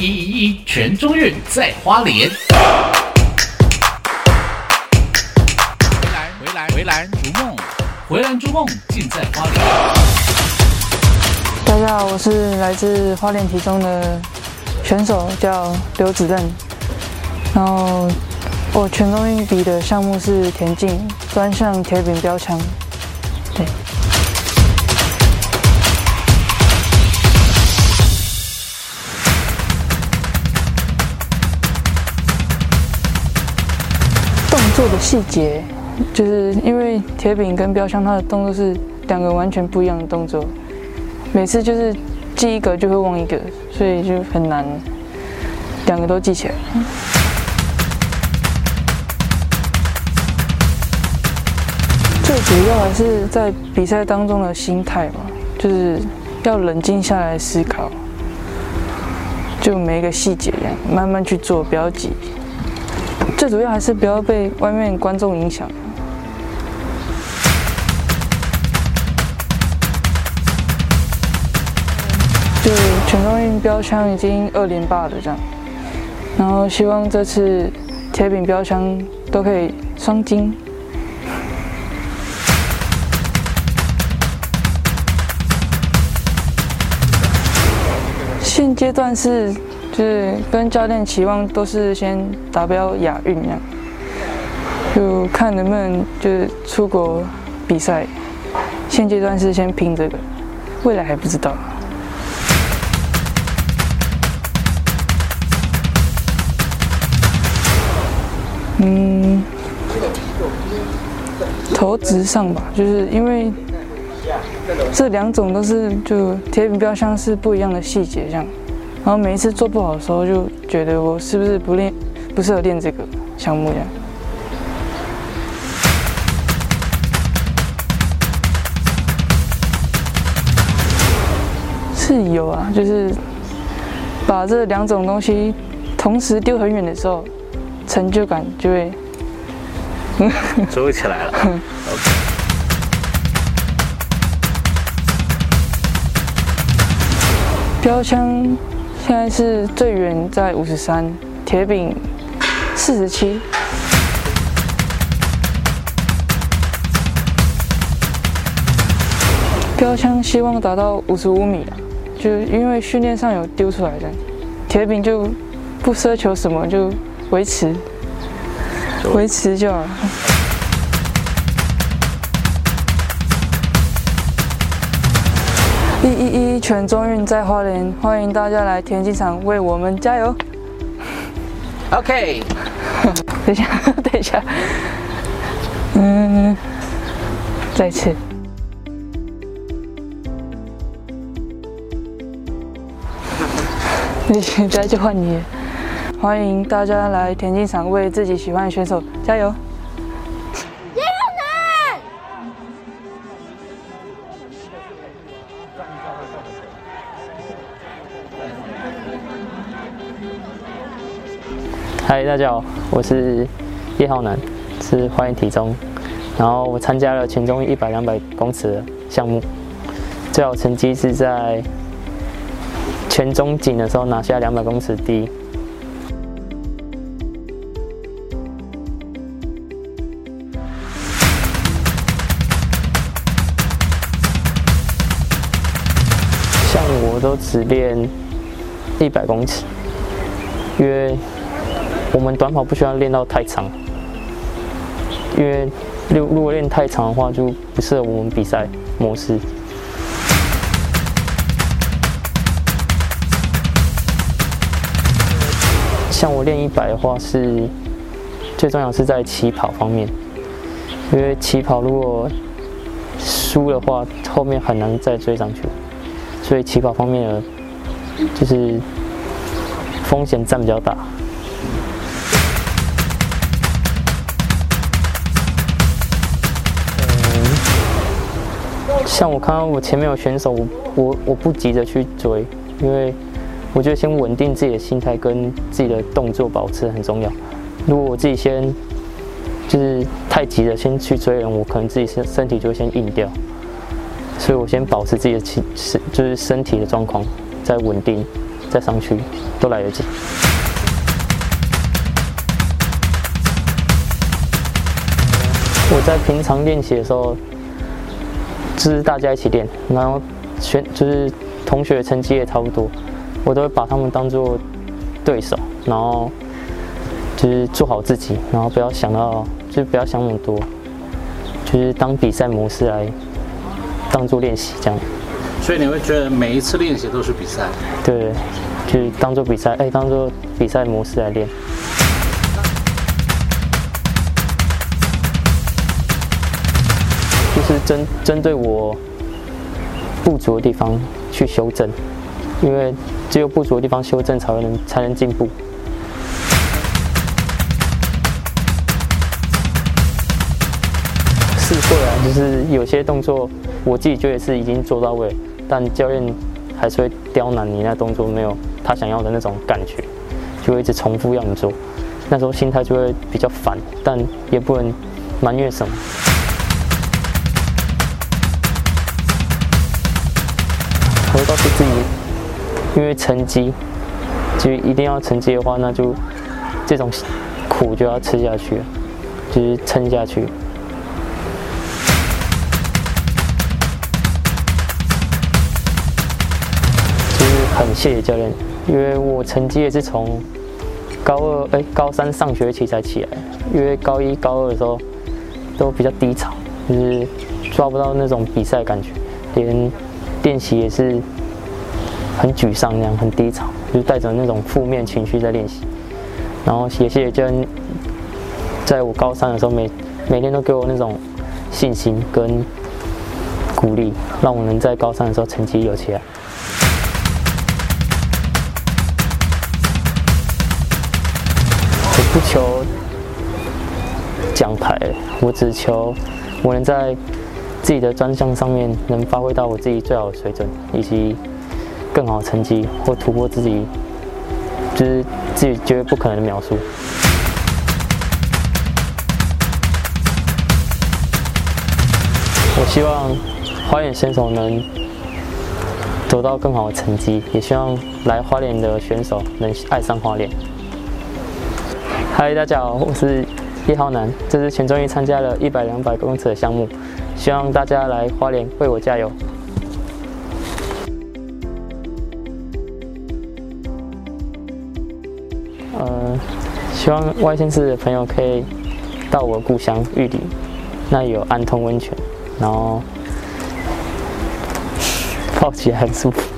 一一一，全中運在花蓮。回來回來回來逐夢，回來逐夢盡在花蓮。大家好，我是來自花蓮體中的選手，叫劉子任。然後我全中運比的項目是田徑專項鐵餅、標槍。做的細節，就是因為鐵餅跟標槍，它的動作是兩個完全不一樣的動作，每次就是記一個就會忘一個，所以就很難兩個都記起來。嗯、最主要還是在比賽當中的心態嘛，就是要冷靜下來思考，就每一個細節這樣，慢慢去做標記。不要最主要還是不要被外面觀眾影響。就全中運標槍已經二連霸了這樣，然後希望這次鐵餅標槍都可以雙金。現階段是。就是跟教練期望都是先達標亞運樣，就看能不能就是出國比賽。現階段是先拼這個，未來還不知道。嗯，投擲上吧，就是因為這兩種都是就鐵餅標槍是不一樣的細節這樣。然後每一次做不好的時候，就覺得我是不是不練，不適合練這個項目這樣？是有啊，就是把這兩種東西同時丟很遠的時候，成就感就會。走 起來了，OK。標槍。現在是最遠在五十三，鐵餅四十七，標槍希望達到五十五米啊，就因為訓練上有丟出來的，鐵餅就不奢求什麼，就維持，維持就好。好一一一，全中運在花蓮，歡迎大家來田徑場為我們加油。OK，等一下，等一下，嗯，再次，你現在就換你，歡迎大家來田徑場為自己喜歡的選手加油。嗨，Hi, 大家好，我是葉浩南，是花蓮體中，然後我參加了全中一百、兩百公尺的項目，最好成績是在全中錦的時候拿下兩百公尺的第一。像我都只練一百公尺，約。我們短跑不需要練到太長，因為如如果練太長的話，就不適合我們比賽模式。像我練一百的話，是最重要是在起跑方面，因為起跑如果輸的話，後面很難再追上去，所以起跑方面的就是風險佔比較大。像我看到我前面有選手，我我，我不急着去追，因為我覺得先穩定自己的心態跟自己的動作保持很重要。如果我自己先就是太急着先去追人，我可能自己身身體就會先硬掉。所以我先保持自己的體就是身體的狀況再穩定，再上去都來得及。我在平常練習的時候。就是大家一起練，然後全就是同學成績也差不多，我都會把他們當做對手，然後就是做好自己，然後不要想到，就是不要想那麼多，就是當比賽模式來當做練習這樣。所以你會覺得每一次練習都是比賽？對，就是當做比賽，哎、欸，當做比賽模式來練。就是針針對我不足的地方去修正，因為只有不足的地方修正才，才能才能進步。是會啊，就是有些動作我自己覺得也是已經做到位，但教練還是會刁難你，那動作沒有他想要的那種感覺，就會一直重複讓你做。那時候心態就會比較煩，但也不能埋怨什麼。我告訴自己，因為成績，就一定要成績的話，那就這種苦就要吃下去，就是撐下去。就是很謝謝教練，因為我成績也是從高二哎、欸、高三上學期才起來，因為高一高二的時候都比較低潮，就是抓不到那種比賽感覺，連。練習也是很沮喪，那樣很低潮，就帶着那種負面情緒在練習。然後，謝謝就在我高三的時候每，每每天都給我那種信心跟鼓勵，讓我能在高三的時候成績有起來。我不求獎牌，我只求我能在。自己的專項上面能發揮到我自己最好的水準，以及更好的成績或突破自己，就是自己絕對不可能的描述。我希望花蓮選手能得到更好的成績，也希望來花蓮的選手能愛上花蓮。嗨，大家好，我是。葉浩南，這次全中運參加了一百、兩百公尺的項目，希望大家來花蓮為我加油。嗯、呃，希望外縣市的朋友可以到我故鄉玉里，那有安通溫泉，然後泡起來很舒服。